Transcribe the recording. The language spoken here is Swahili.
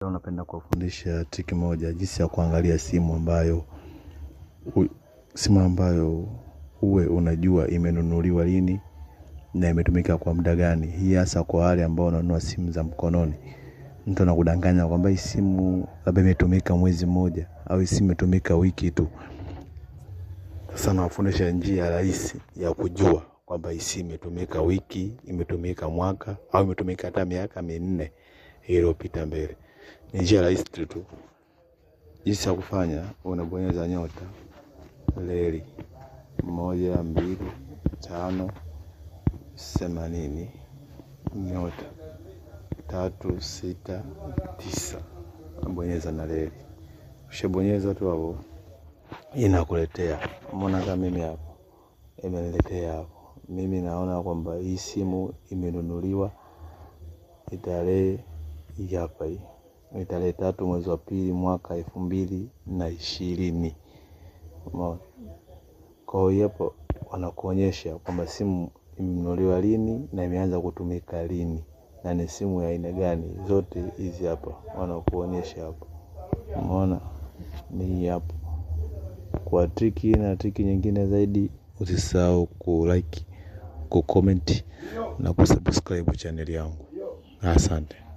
Leo napenda kuwafundisha tiki moja jinsi ya kuangalia simu ambayo u, simu ambayo uwe unajua imenunuliwa lini na imetumika kwa muda gani. Hii hasa kwa wale ambao wanunua simu za mkononi. Mtu anakudanganya kwamba hii simu labda imetumika mwezi mmoja au hii simu imetumika wiki tu. Sasa nawafundisha njia rahisi ya kujua kwamba hii simu imetumika wiki, imetumika mwaka au imetumika hata miaka minne iliyopita mbele. Ni njia rahisi tu. Jinsi ya kufanya, unabonyeza nyota leli moja mbili tano themanini nyota tatu sita tisa, bonyeza na leli Ushabonyeza tu hapo, inakuletea mbona, kama mimi hapo imeniletea hapo. Mimi naona kwamba hii simu imenunuliwa tarehe hii hapa hii ni tarehe tatu mwezi wa pili mwaka elfu mbili na ishirini. Kwa hiyo hapo wanakuonyesha kwamba simu imenunuliwa lini na imeanza kutumika lini na ni simu ya aina gani, zote hizi hapa wanakuonyesha hapo. Umeona ni hapo kwa triki na triki nyingine zaidi, usisahau kuliki kucomment na kusubscribe chaneli yangu. Asante.